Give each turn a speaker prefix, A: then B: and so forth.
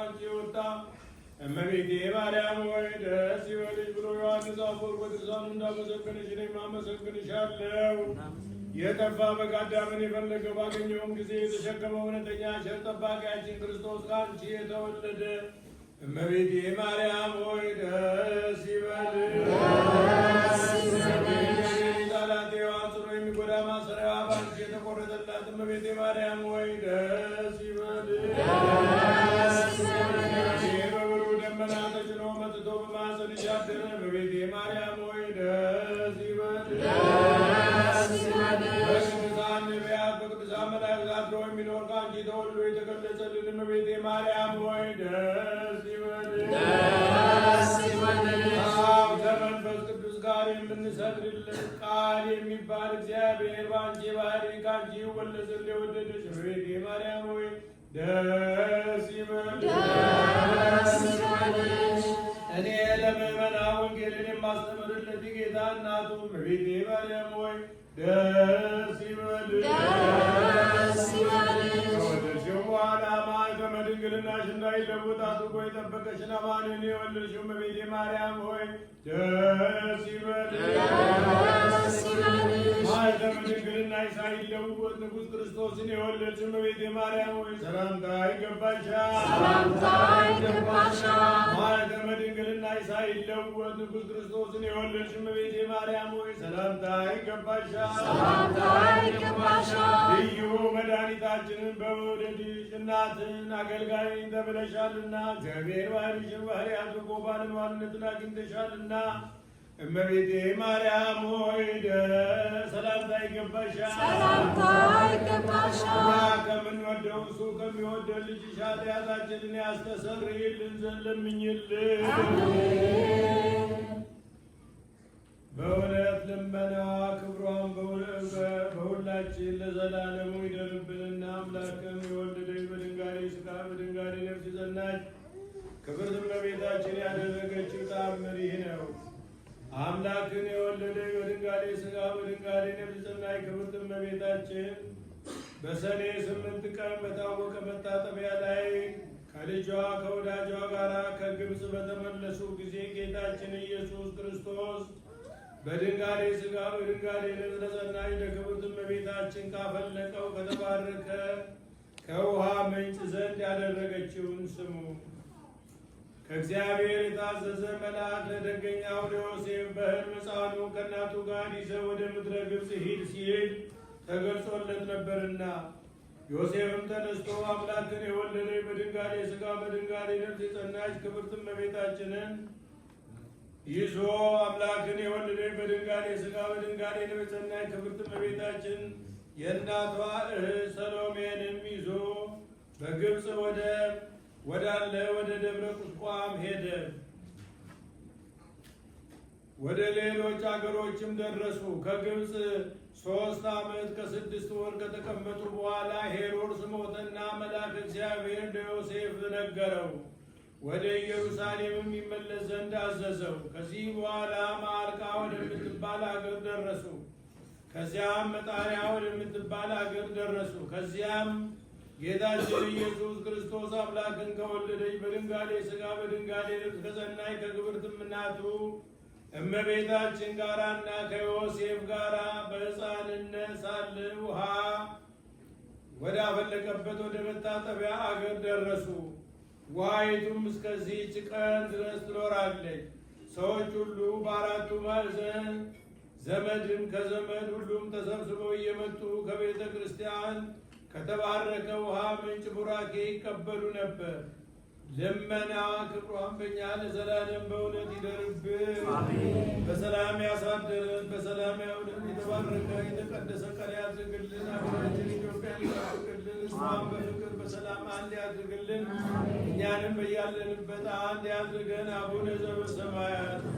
A: ከአንቺ የወጣ እመቤቴ ማርያም ወይ ደስ ይበልሽ ብሎ ዮሐንስ አፈወርቅ በድርሳኑ እንዳመሰገነሽ እኔም አመሰግንሻለሁ። የጠፋ በግ አዳምን የፈለገ ባገኘውም ጊዜ የተሸከመ እውነተኛ ቸር ጠባቂያችን ክርስቶስ ከአንቺ የተወለደ እመቤቴ ማርያም ሆይ ደስ ይበልሽ። ከአንቺ ተወልዶ የተገለጸልን እመቤቴ ማርያም ሆይ ደስ ይበልሽ። ከመንፈስ ቅዱስ ጋር የምንሰግድለት ቃል የሚባል እግዚአብሔር በአንቺ ባህሪ ከአንቺ ይወለድ የወደደች እመቤቴ ማርያም ሆይ ደስ ይበልሽ። እኔ ለምዕመናን ወንጌልን የማስተምርለት የጌታ እናቱ እመቤቴ ማርያም ሆይ ከደረቀች በቡጥ አጥብቆ የጠበቀችን አማኑን የወለድሽው እመቤቴ ማርያም ሆይ ደስ ይበል። ዝናሽ ሳይለወጥ ንጉሥ ክርስቶስን የወለድሽ እመቤቴ ማርያም ሆይ ሰላምታ ይገባሻል። ሰላምታ ይገባሻል። ማኅተመ ድንግልናሽ ሳይለወጥ ንጉሥ ክርስቶስን የወለድሽ እመቤቴ ማርያም ሆይ ሰላምታ ይገባሻል። ሰላምታ ይገባሻል። ልዩ መድኃኒታችንን በመውደድሽ እናትን አገልጋይን ተብለሻልና እግዚአብሔር ባሕርሽን ባህሪ አድርጎ ባለሟልነትን አግኝተሻልና እመቤቴ ማርያም ሆይ ሰላምታ ይገባሻል፣ ሰላምታ ይገባሻል። ከምንወደው እሱ ከሚወደው ልጅሽ ኃጢአታችንን ያስተሰርይልን ዘንድ ለምኝልን። በእውነት ልመናዋ ክብሯን በሁላችን ለዘላለሙ ይደርብንና አምላክም የወለደች በድንጋሌ ሥጋ በድንጋሌ ነፍስ ዘናች ክብርት እመቤታችን ያደረገችው ተአምር ይህ ነው። አምላክን የወለደች በድንጋሌ ስጋ በድንጋሌ ነፍስ ጸናች ክብርት እመቤታችን በሰኔ ስምንት ቀን በታወቀ መታጠቢያ ላይ ከልጇ ከወዳጇ ጋር ከግብፅ በተመለሱ ጊዜ ጌታችን ኢየሱስ ክርስቶስ በድንጋሌ ስጋ በድንጋሌ ነፍስ ለጸናች ለክብርት እመቤታችን ካፈለቀው ከተባረከ ከውሃ ምንጭ ዘንድ ያደረገችውን ስሙ። ከእግዚአብሔር የታዘዘ መልአክ ለደገኛው ለዮሴፍ በሕልም ሕፃኑን ከእናቱ ጋር ይዘህ ወደ ምድረ ግብፅ ሂድ ሲል ተገልጾለት ነበርና ዮሴፍም ተነስቶ አምላክን የወለደች በድንጋሌ ሥጋ በድንጋሌ ነፍስ የጸናች ክብርት እመቤታችንን ይዞ አምላክን የወለደች በድንጋሌ ሥጋ በድንጋሌ ነፍስ የጸናች ክብርት እመቤታችን የእናቷ እህት ሰሎሜንም ይዞ በግብፅ ወደ ወዳለ ወደ ደብረ ቁስቋም ሄደ። ወደ ሌሎች አገሮችም ደረሱ። ከግብፅ ሶስት ዓመት ከስድስት ወር ከተቀመጡ በኋላ ሄሮድስ ሞተና መላክ እግዚአብሔር ዮሴፍ ነገረው። ወደ ኢየሩሳሌምም ይመለስ ዘንድ አዘዘው። ከዚህ በኋላ ማርቃ ወደምትባል አገር ደረሱ። ከዚያም መጣሪያ ወደምትባል አገር ደረሱ። ከዚያም ጌታችን ኢየሱስ ክርስቶስ አምላክን ከወለደች በድንጋሌ ሥጋ በድንጋሌ ልብስ ከሰናይ ከግብርትም እናቱ እመቤታችን ጋራና ከዮሴፍ ጋራ በሕፃንነት ሳለ ውሃ ወደ አፈለቀበት ወደ መታጠቢያ አገር ደረሱ። ውሃይቱም እስከዚህች ቀን ድረስ ትኖራለች። ሰዎች ሁሉ በአራቱ ማዕዘን ዘመድም ከዘመድ ሁሉም ተሰብስበው እየመጡ ከቤተ ክርስቲያን ከተባረከ ውሃ ምንጭ ቡራኬ ይቀበሉ ነበር። ልመና ክብሯን በኛ ለዘላለም በእውነት ይደርብን። በሰላም ያሳደረን፣ በሰላም ያውለን። የተባረከ የተቀደሰ ቀን ያድርግልን። አገራችን ኢትዮጵያ ያድርግልን። እስማን በፍቅር በሰላም አንድ ያድርግልን። እኛንም በያለንበት አንድ ያድርገን። አቡነ ዘበሰማያት